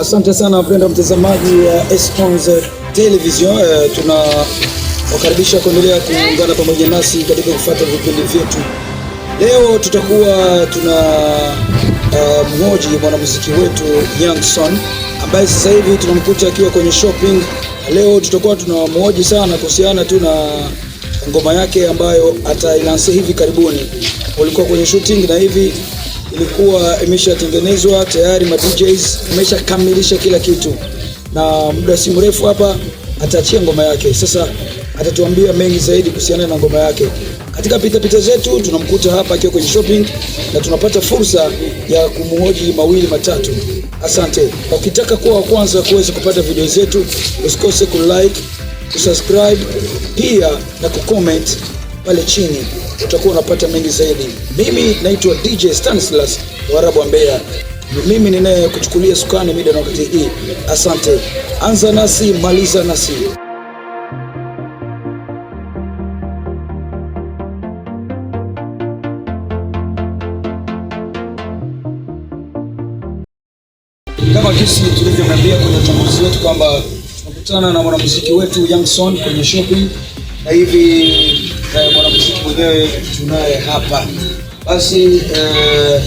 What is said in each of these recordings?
Asante sana mpendwa mtazamaji wa Esponse Television, eh, tunawakaribisha kuendelea kuungana pamoja nasi katika kufuata vipindi vyetu. Leo tutakuwa tuna uh, eh, mhoji mwanamuziki wetu Young Son ambaye sasa hivi tunamkuta akiwa kwenye shopping. Leo tutakuwa tunamhoji sana kuhusiana tu na ngoma yake ambayo atailanse hivi karibuni. Ulikuwa kwenye shooting na hivi ilikuwa imeshatengenezwa tayari, ma DJs imeshakamilisha kila kitu, na muda si mrefu hapa ataachia ngoma yake. Sasa atatuambia mengi zaidi kuhusiana na ngoma yake. Katika pitapita zetu tunamkuta hapa akiwa kwenye shopping na tunapata fursa ya kumhoji mawili matatu. Asante. Ukitaka kuwa wa kwanza kuweza kupata video zetu, usikose kulike, kusubscribe pia na kucomment pale chini utakuwa unapata mengi zaidi. Mimi naitwa DJ Stanislas Mwarabu wa Mbeya, mimi ninayekuchukulia sukani mida na wakati hii. Asante, anza nasi maliza nasi. Kama jinsi tulivyokwambia kwenye utangulizi wetu kwamba tunakutana na mwanamuziki wetu Youngson kwenye shopping na hivi mwanamuziki mwenyewe tunaye hapa basi eh,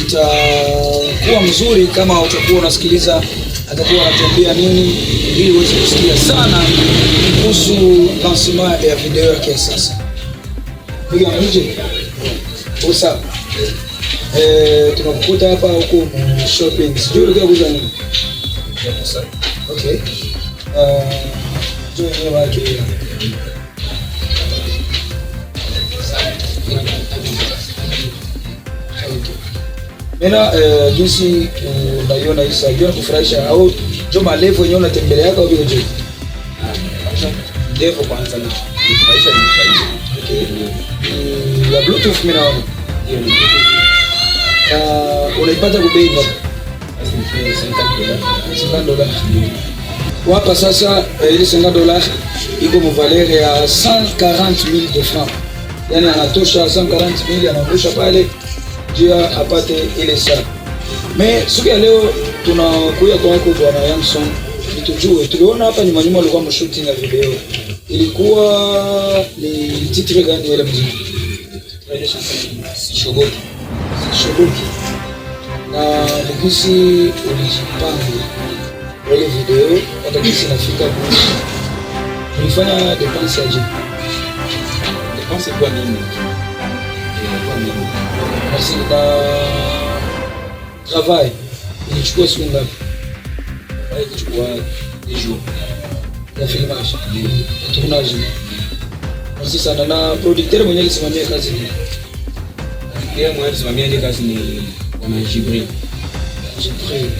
itakuwa mzuri kama utakuwa unasikiliza atakuwa anatuambia nini, ili uweze kusikia sana kuhusu lansima ya video yake ya sasa. Piga mje usa eh, tunakukuta hapa huko shopping, sijui ulikuwa kuuza nini? Okay, uh, join wake Nena eh, jinsi eh, unaiona hii sasa inakufurahisha au jo malevo yenyewe unatembelea yako au je? Ah, Levo kwanza ni kufurahisha ni kufurahisha. Okay. Eh, ya Bluetooth mimi naona. Hiyo ni. Na unaipata kwa bei ngapi? dola. Wapa sasa eh, ile senga dola iko mvalere ya 140,000 de francs. Yaani anatosha 140,000 anaondosha pale jua apate ile saa. Me siku ya leo tunakuya kwako bwana Yamson, nitujue tuliona hapa nyuma nyuma alikuwa mshuti na video ilikuwa ni titre gani ile mziki? Shogoki. Shogoki. Na nikisi ulijipanga ile video hata kisi nafika kuhusu ulifanya depense aje? Depense kwa nini? Kwa nini? basi nika travail ilichukua siku ngapi? Ilichukua des jours ya filmage ya tournage. Merci sana euh, na producteur mwenyewe alisimamia kazi hii. Yeye mwenyewe alisimamia ile kazi ni Bwana Jibril. Jibril.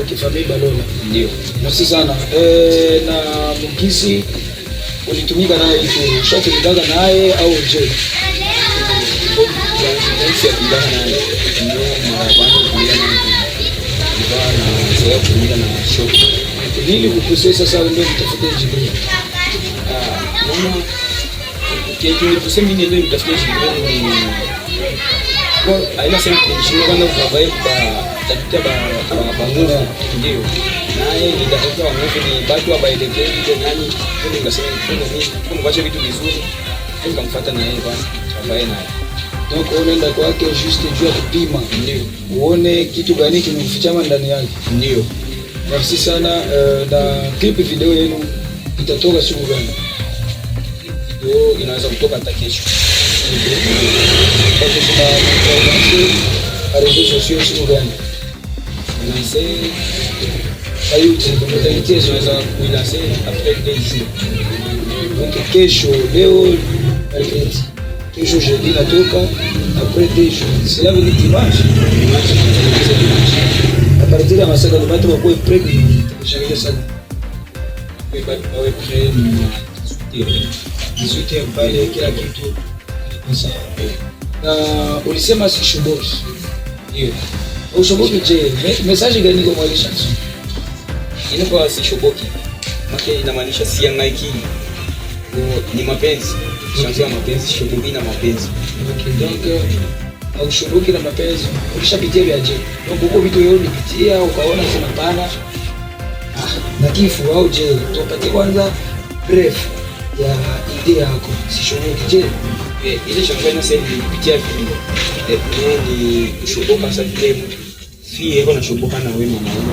Okay, famille Balola. Ndio. Merci sana. Eh, na Mugisi ulitumika naye kitu. Shati ndanga naye au je? Nili kukusei sasa ah, ndio nitafute jibu. Ah, naona kitu nilikusema ndio nitafute jibu. Kwa aina sema kushindwa kwanza kubabaye kwa tafuta ba ba nguvu ndio. Naye nitatafuta wa nguvu ni baki wa baelekee ndio nani? Ndio nikasema ndio mimi. Kuna vitu vizuri. Nikamfuata na yeye basi. Babaye naye. Donc unaenda kwake juste juu ya kupima, ndio uone kitu gani kimefichama ndani yake. Ndio, merci sana. Uh, na clip video yenu itatoka siku gani? Video inaweza kutoka hata kesho, siku gani? Kesho leo Kesho jeudi natoka après deux jours. Cela veut dire dimanche. À partir de ma saga de maître, on peut prendre. J'arrive à ça. Je vais pas prendre 18 heures pale kila kitu eh, na ulisema si shoboki ndio ushoboki je message gani kwa mwalisha inakuwa si shoboki maana inamaanisha si yangaiki ni mapenzi chanzo ya mapenzi, shughuli na mapenzi. Okay, donc euh, shughuli na mapenzi ukishapitia vya je, Donc huko vitu wewe ulipitia ukaona sana pana ah, na kifu au je, tupate kwanza brief ya idea yako. Si shughuli je? Eh, ile shughuli na sasa nilipitia vile. Eh, ni kushughulika sasa vile. Si yeye anashughulika na wewe mwanamume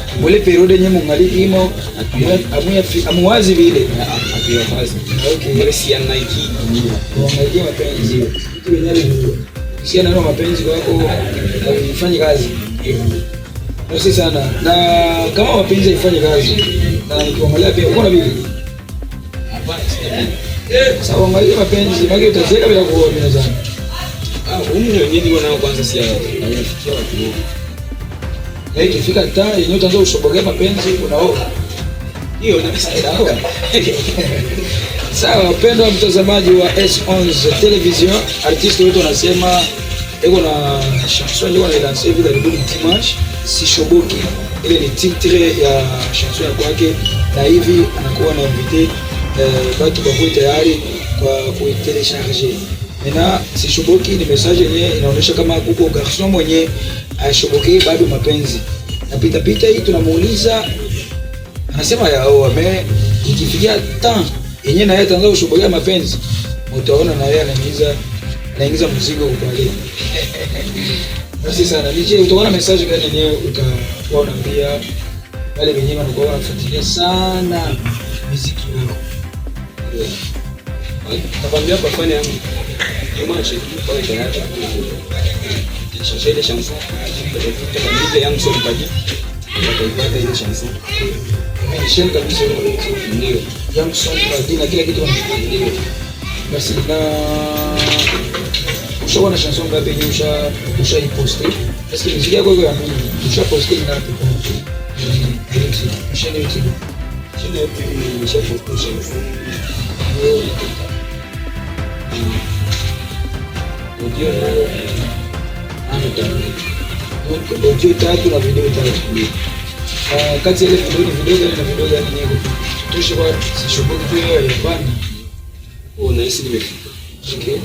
muri periode nyine mwari irimo amuwazi bile sia mapenzi nano mapenzi wako ifanye kazi nasi sana na kama mapenzi haifanye kazi na nikiangalia pia uko na bibi angalia mapenzi maki utazeka bila kuona sana ah, umri kwanza sia na watu Yaani ikifika taa yenyewe utaanza kusobogea mapenzi unaoga. Hiyo ni misa inaoga. Sawa, wapendwa mtazamaji wa S11 Television, artiste wetu anasema iko na chanson ndio anailanse hivi karibuni Dimanche, Sishoboki. Ile ni titre ya chanson ya kwake na hivi anakuwa na invite eh, watu kwa tayari kwa kuitelecharger. Na Sishoboki ni message yenyewe inaonyesha kama kuko garçon mwenye hayashobokei bado mapenzi na pita pita hii, tunamuuliza anasema yao oh, ame ikifikia tan yenyewe na yeye ataanza kushobokea mapenzi, utaona na yeye anaingiza anaingiza mzigo upale basi sana nije utaona message gani yenyewe utakuwa unaambia wale wenyewe wanakuwa wanafuatilia sana muziki wao yeah. Tabambia kwa fani yangu. Umache kwa shasha ile shamsi tutakamilika yangu sio kipaji tutaipata ile shamsi nishem kabisa ndio yangu sio kipaji na kila kitu ndio basi na ushaona chanson ngapi yenye usha ushaiposti basi muziki yako ya pili ushaposti ngapi Shine YouTube. Shine YouTube ni shapo kushafu. Ndio. Ndio documentary tatu na video tatu. Uh, kati ya ile video ni video gani na video gani nyingi? Tosha kwa shughuli tu hiyo ya bana. Oh, nahisi nimefika. Okay.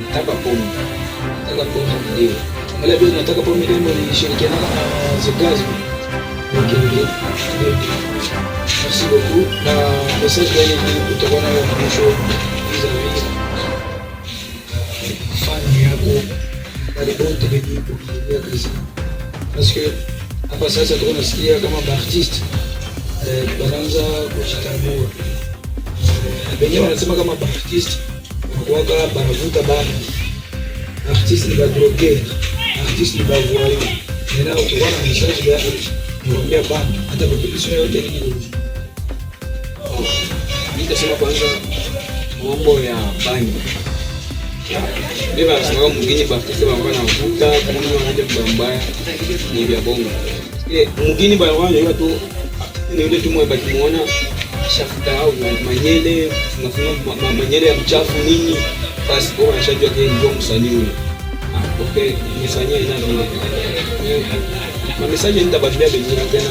Nataka pombe. Nataka pombe ndio. Wale ndio nataka pombe ndio nilishirikiana na Zogazo. Okay, ndio. Merci beaucoup. Na message gani kutokana na mwisho hizo alipote bidii kuingia kazini parce que hapa sasa tunasikia kama baartiste wanaanza kujitambua wenyewe, wanasema kama baartiste wanakuwaka banavuta bana artiste euh, ni euh, bagloger artiste ni bavoyo nena ukiwa na message yake nikwambia bana, hata population yote hii nitasema kwanza mambo ya bangi Beba msimamo mwingine bafuse baba na ukuta kuna mtu anaje mbaya ni vya bongo. Ile eh, mwingine bwana wao tu ni yule tu mmoja kimuona shafuta au manyele tunasema manyele ya mchafu nini basi kwa anashajua yeye ndio msanii yule. Ah, okay, msanii ina nini? Na eh, msanii nitabadilia bendera tena.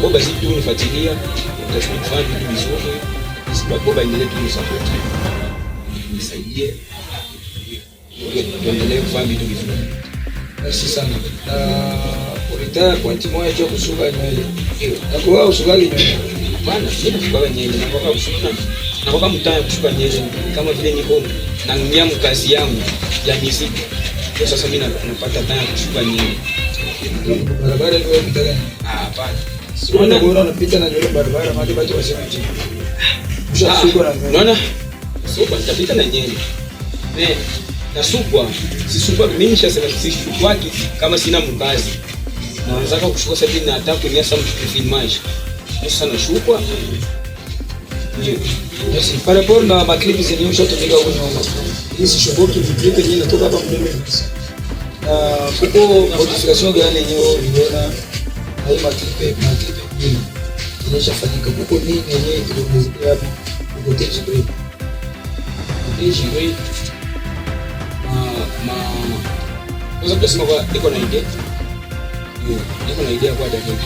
Kwa basi tu nifuatilia utasifanya vitu vizuri. Sibababa endelee tu support. Nisaidie tuendelee kufanya vitu vizuri. Merci sana. Na ulitaka kwa timu moja cha kusuka nywele. Na kwa wao usukali nywele. Bana, mimi nafuka nywele na kwa kusuka na kwa mtaa kusuka nywele kama vile niko na ngia mkazi yangu ya muziki. Kwa sasa mimi napata tana kusuka nywele. Barabara ile mtare. Ah, hapana. Siona bora unapita na nywele barabara maji maji wasimamizi. Usha na nywele. Unaona? Suka nitapita na nywele. Eh nasukwa sisukwa minsha sana sishukwaki kama sina mkazi naanzaka kushukwa sati na ataku ni asa mtukifimaji sasa nashukwa ndio basi pale pole na maklipi zenyewe ushatumika huko nyuma hizi shukoki viklipi yenyewe natoka hapa mdomo na kuko modification gani yenyewe uliona hai maklipi maklipi yenyewe inashafanyika kuko nini yenyewe ilikuwa hapo kuko teji grade teji grade naweza kusema kwa niko na idea hiyo, niko na idea kwa dada yangu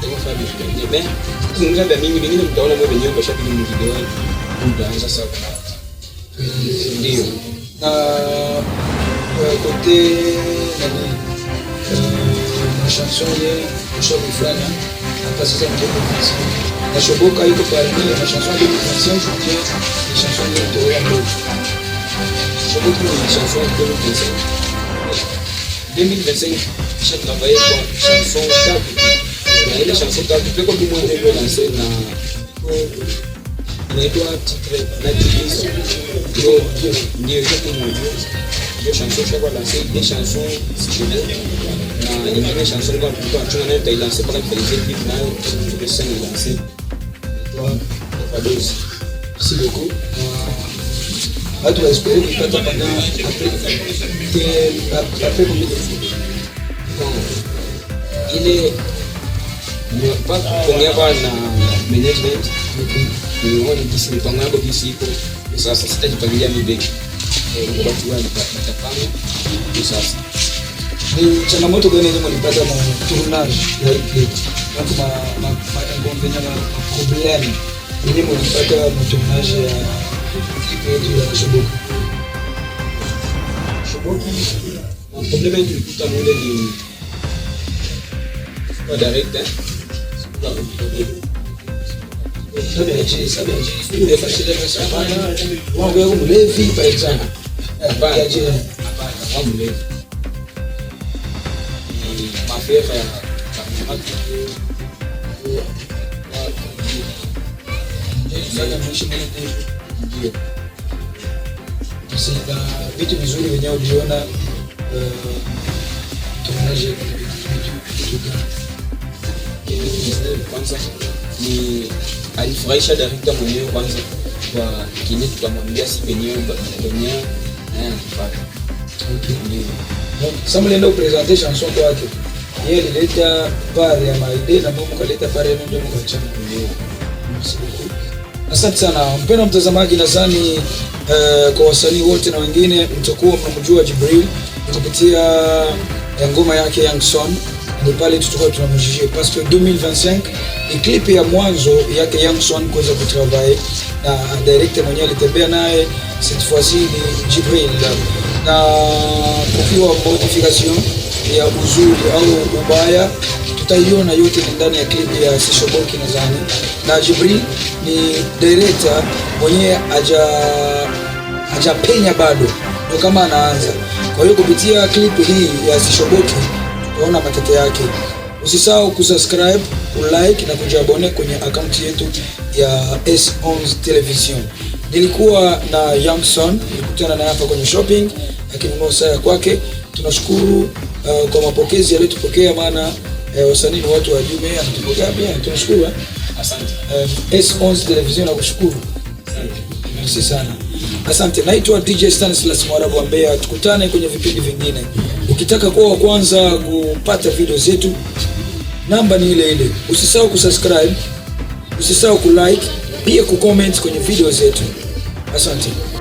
kama sababu ya nje me kuzungumza na mimi, vingine mtaona mwe wenyewe kwa shapili mzidi wao mtaanza sawa, ndio na kote na eh, chanson ye mshauri fulani hata sasa mtoto kanisa na shoboka yuko parmi na chanson de conscience que chanson de théorie Aujourd'hui, une chanson que nous faisons. 2025, j'ai travaillé comme chanson d'art. Il y a une chanson d'art, comme tout le monde est lancé dans inaitwa Natilizo. Ndio ndio hiyo kumujua hiyo chanson shakwa lanse ile chanson sikile na nyingine chanson kwa mtu anachunga nayo tailanse mpaka kitalize clip nayo tukesema lanse. Naitwa Fadozi. Merci beaucoup. Euh, watu waisipeli kupata pana Afrika Medicine ile pa kuongea na management nione jinsi mipango yangu jinsi iko sasa, sitajipangilia mimi beki kwa sasa. Ni changamoto gani ndio nilipata na tournage like hapo ma ma ngombe na problem nilipata na tournage ya tunashubuka shubuki na problema yetu tulikuta mule ni kwa direct eh mlevi kwa example hapana je hapana mlevi mafefa ya Ndio na vitu vizuri wenyewe uliona eh, tunaje vitu gani? Kwanza ni alifurahisha mwenyewe kwanza kwa kile tutamwambia si penyewe penyewe naye Sasa mlienda kupresente chanson kwake, yeye alileta pare ya maide na mimi kaleta pare ya ndio chama. Asante sana mpendwa mtazamaji, nadhani uh, kwa wasanii wote na wengine mtakuwa mnamjua Jibril kupitia eh, ngoma yake Young Son, ni pale tutakuwa tunamjishia parce 2025 ni clip ya mwanzo yake Young Son kuweza kutravai na director mwenyewe alitembea naye cette fois ci ni Jibril na kukiwa modification ya uzuri au ubaya tutaiona yote ndani ya klipu ya Sishoboki nadhani. Na Jibril ni director mwenyewe haja hajapenya bado, ndio kama anaanza. Kwa hiyo kupitia klipu hii ya Sishoboki tutaona matete yake. Usisahau kusubscribe, kulike na kujiabone kwenye akaunti yetu ya S11 Television. Nilikuwa na Youngson, nilikutana naye hapa kwenye shopping akinunua saa ya kwake. Tunashukuru uh, kwa mapokezi yaliyotupokea, maana uh, wasanii ni watu wa juu. jumbe, anatupokea pia, tunashukuru. Eh. Asante S11 Television, nakushukuru si sana. Asante. Naitwa DJ Stanislas Mwarabu wa Mbeya, tukutane kwenye vipindi vingine. Ukitaka kuwa wa kwanza kupata video zetu, namba ni ile ile. Usisahau kusubscribe, usisahau kulike, pia kucomment kwenye video zetu. Asante.